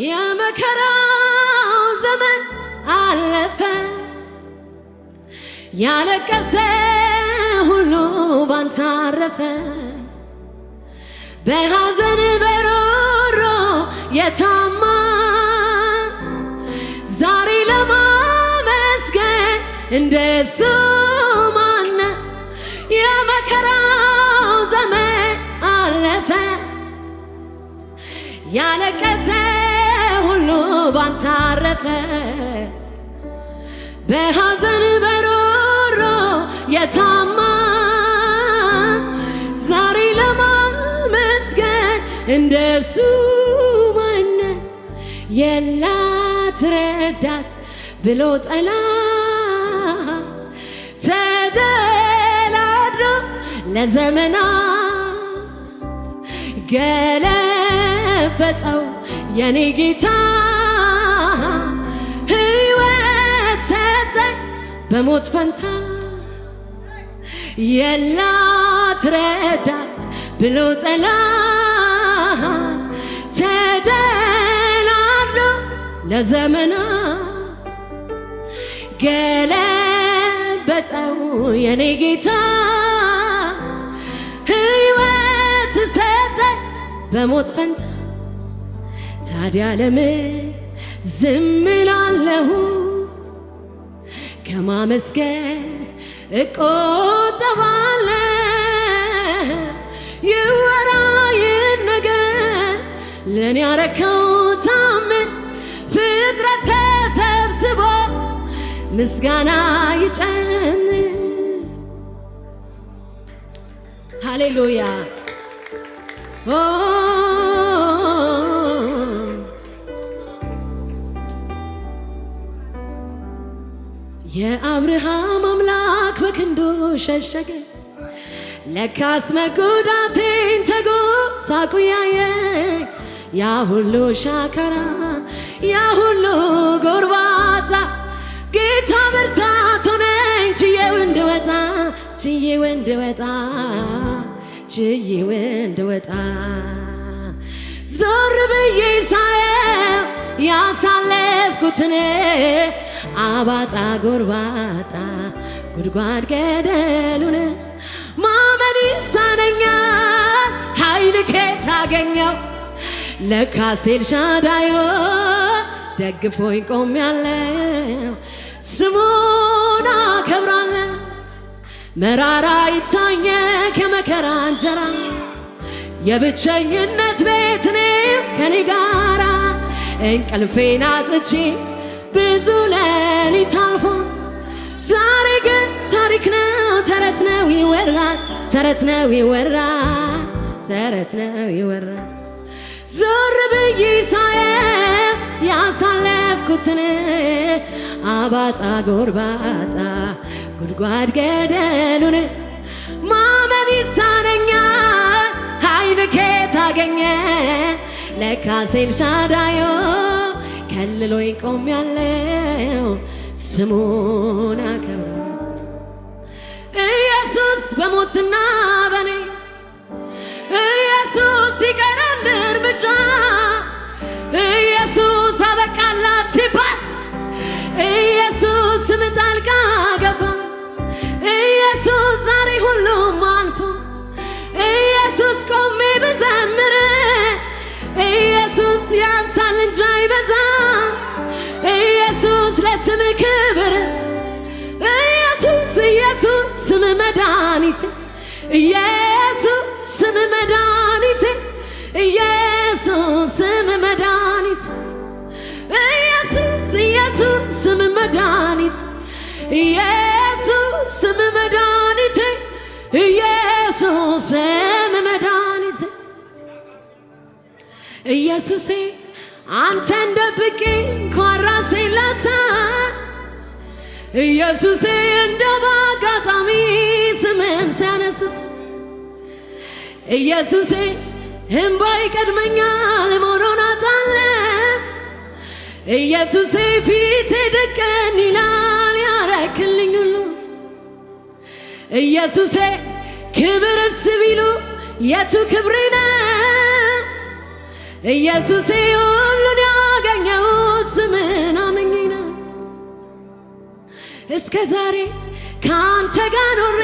የመከራው ዘመን አለፈ፣ ያለቀሰ ሁሉ ባንተ አረፈ። በሐዘን በሮሮ የታማ ዛሬ ለማመስገን እንደሱ ማነ? የመከራው ዘመን አለፈ ያለቀሰ ሁሉ ባንታረፈ አረፈ። በሐዘን በሮሮ የታማ ዛሬ ለማመስገን እንደሱ ማነ የላት ረዳት ብሎ ጠላት ተደላድሎ ለዘመናት ገለበጠው የኔ ጌታ ሕይወት ሰጠኝ በሞት ፈንታ የላት ረዳት ብሎ ጠላት ተደላድሎ ለዘመና ገለበጠው የኔ ጌታ ሕይወት ሰጠኝ በሞት ፈንታ ታዲያ ለምን ዝም እላለሁ? ከማመስገን እቆጠባለ ይወራይን ይነገር ለእኔ ያረከው ታምር ፍጥረት ተሰብስቦ ምስጋና ይጨን ሃሌሉያ የአብርሃም አምላክ በክንዱ ሸሸገ። ለካስ መጎዳቴን ተጎሳቁ ያየ ያ ሁሉ ሻካራ ያ ሁሉ ጎርባጣ ጌታ ብርታት ሆነኝ ችዬ ወንድ ወጣ ችዬ ወንድ ወጣ ችዬ ወንድ ወጣ ዞር ብዬ ሳየ ያሳለፍኩትኔ አባጣ ጎርባጣ ጉድጓድ ገደሉን ማመን ይሳነኛል ኃይል ከየት አገኘው ሴል ኤልሻዳይ ደግፎኝ ቆሜያለሁ ስሙን አከብራለሁ መራራ ይታኘ ከመከራ እንጀራ የብቸኝነት ቤት እኔም ከኔ ጋራ እንቅልፌን አጥቼ ብዙ ሌሊት አልፎ ዛሬ ግን ታሪክ ነው፣ ተረት ነው ይወራል፣ ተረት ነው ተረት ነው ዞር ብዬ ያሳለፍኩትን አባጣ ጎርባጣ ጉድጓድ ገደሉን ማመን ይሳነኛል። ኃይል ከየት አገኘ ለካሴል ከልሎ ቆም ያለው ስሙን አከብረ ኢየሱስ በሞትና በኔ ኢየሱስ ሲቀር አንድ እርምጃ ኢየሱስ አበቃላት ሲባል ኢየሱስ ስም ጣልቃ ገባ ኢየሱስ ዛሬ ሁሉም አልፎ ኢየሱስ ቆሜ ብዘምር ኢየሱስ ያንሳል እንጂ ኢየሱስ ለስም ክብር ኢየሱስ ኢየሱስ ስም መድኃኒት ኢየሱስ ስም መድኃኒት ኢየሱስ ስም መድኃኒት ኢየሱስ ኢየሱስ ስም መድኃኒት ኢየሱስ ስም መድኃኒት ኢየሱስ ስም መድኃኒት ኢየሱስ አንተን ደብቄ እንኳን ራሴን ላሳት ኢየሱሴ እንደ ባጋጣሚ ስምህን ሲያነስስ ኢየሱሴ እምባይ ቀድመኛል መሆኖን አጣለ ኢየሱሴ ፊቴ ደቀን ይላል ያረክልኝ ሁሉ ኢየሱሴ ክብርስ ቢሉ የቱ ክብሬ ነው ኢየሱሴ በሕይወት ዘመን አመኘ ነው እስከ ዛሬ ከአንተ ጋር ኖሬ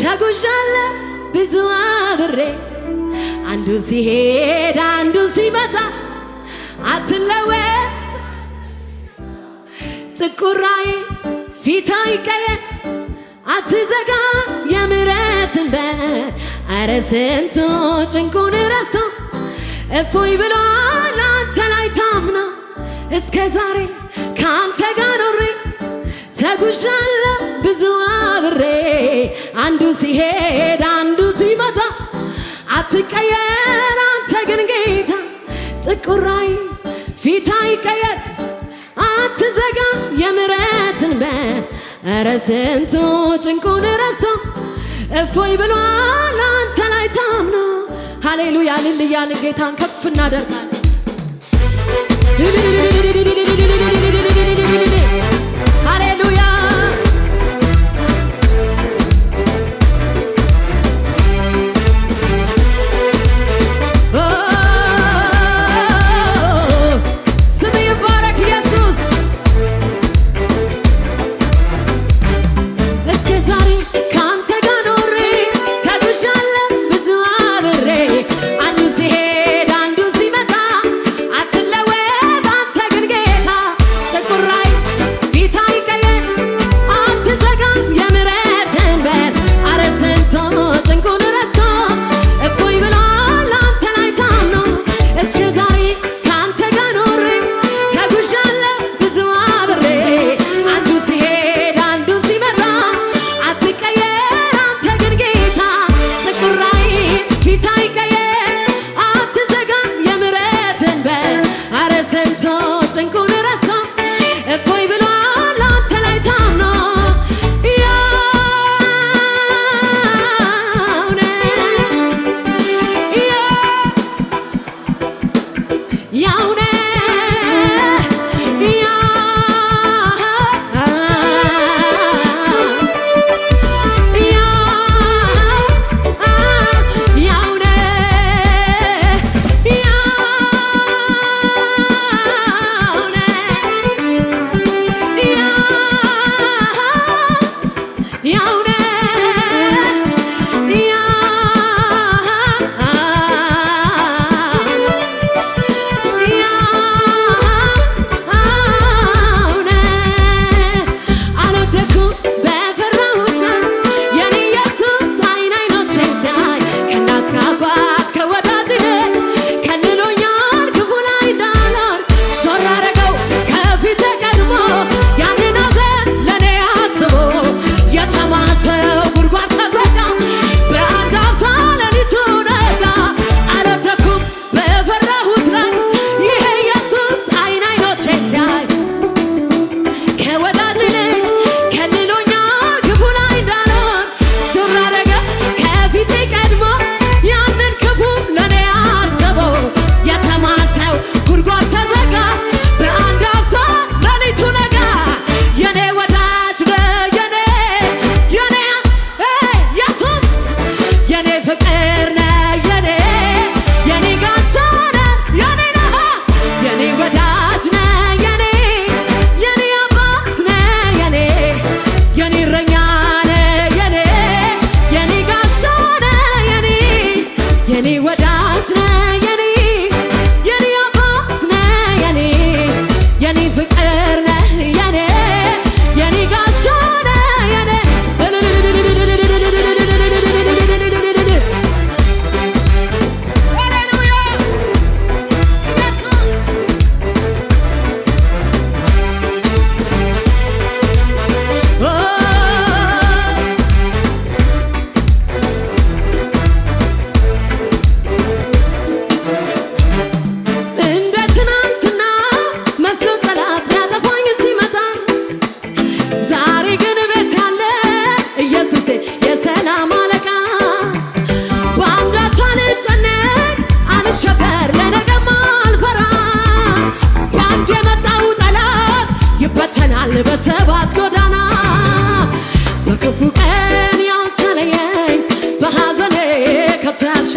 ተጉዣለ ብዙ አብሬ አንዱ ሲሄድ አንዱ ሲመጣ አትለወጥ ጥቁራዬ ፊት አይቀየር አትዘጋ የምሕረትን በር አረ ስንቱ ጭንቁን ረስቶ እፎይ ብሎ ላንተ ላይ ታምና እስከ ዛሬ ከአንተ ጋር ኖሬ ተጉዣለሁ ብዙ አብሬ አንዱ ሲሄድ አንዱ ሲመጣ አትቀየር አንተ ግን ጌታ ጥቁራይ ፊት ይቀየር! አትዘጋ የምረትን በ እረ ስንቱ ጭንቁን ረስቶ እፎይ ብሏል አንተ ላይ ታምኖ ሃሌሉያ ልል እያልን ጌታን ከፍ እናደርጋለን። Yeah.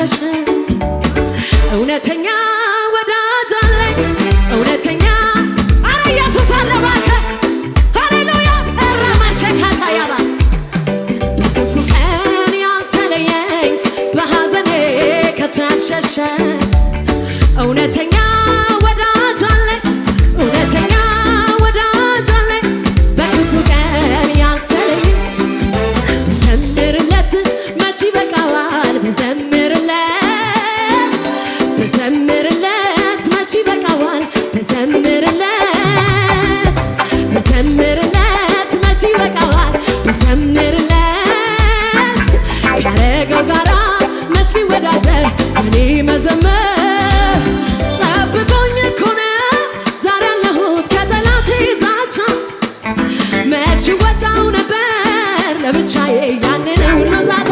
አትሸሽ እውነተኛ ወዳጅ አለኝ እውነተኛ አረ ኢየሱስ አለ እባክህ ሃሌሉያ እራማሸካታ ያባ በክፉ ቀን ያልተለየኝ በሐዘኔ ከቶ እውነተኛ እጅ ነበር ለብቻዬ ያንን ሁሉታታ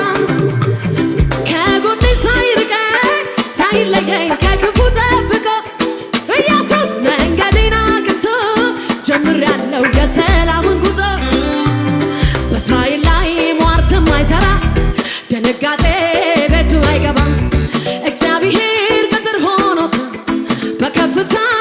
ከጎኔ ሳይርቀኝ ሳይለየኝ ከክፉ ጠብቆ ኢየሱስ መንገዴን አቅንቶ ጀምሬያለሁ የሰላምን ጉዞ በእስራኤል ላይ ሟርትም አይሰራ ድንጋጤ ቤቱ አይገባ እግዚአብሔር ቅጥር ሆኖት በከፍታ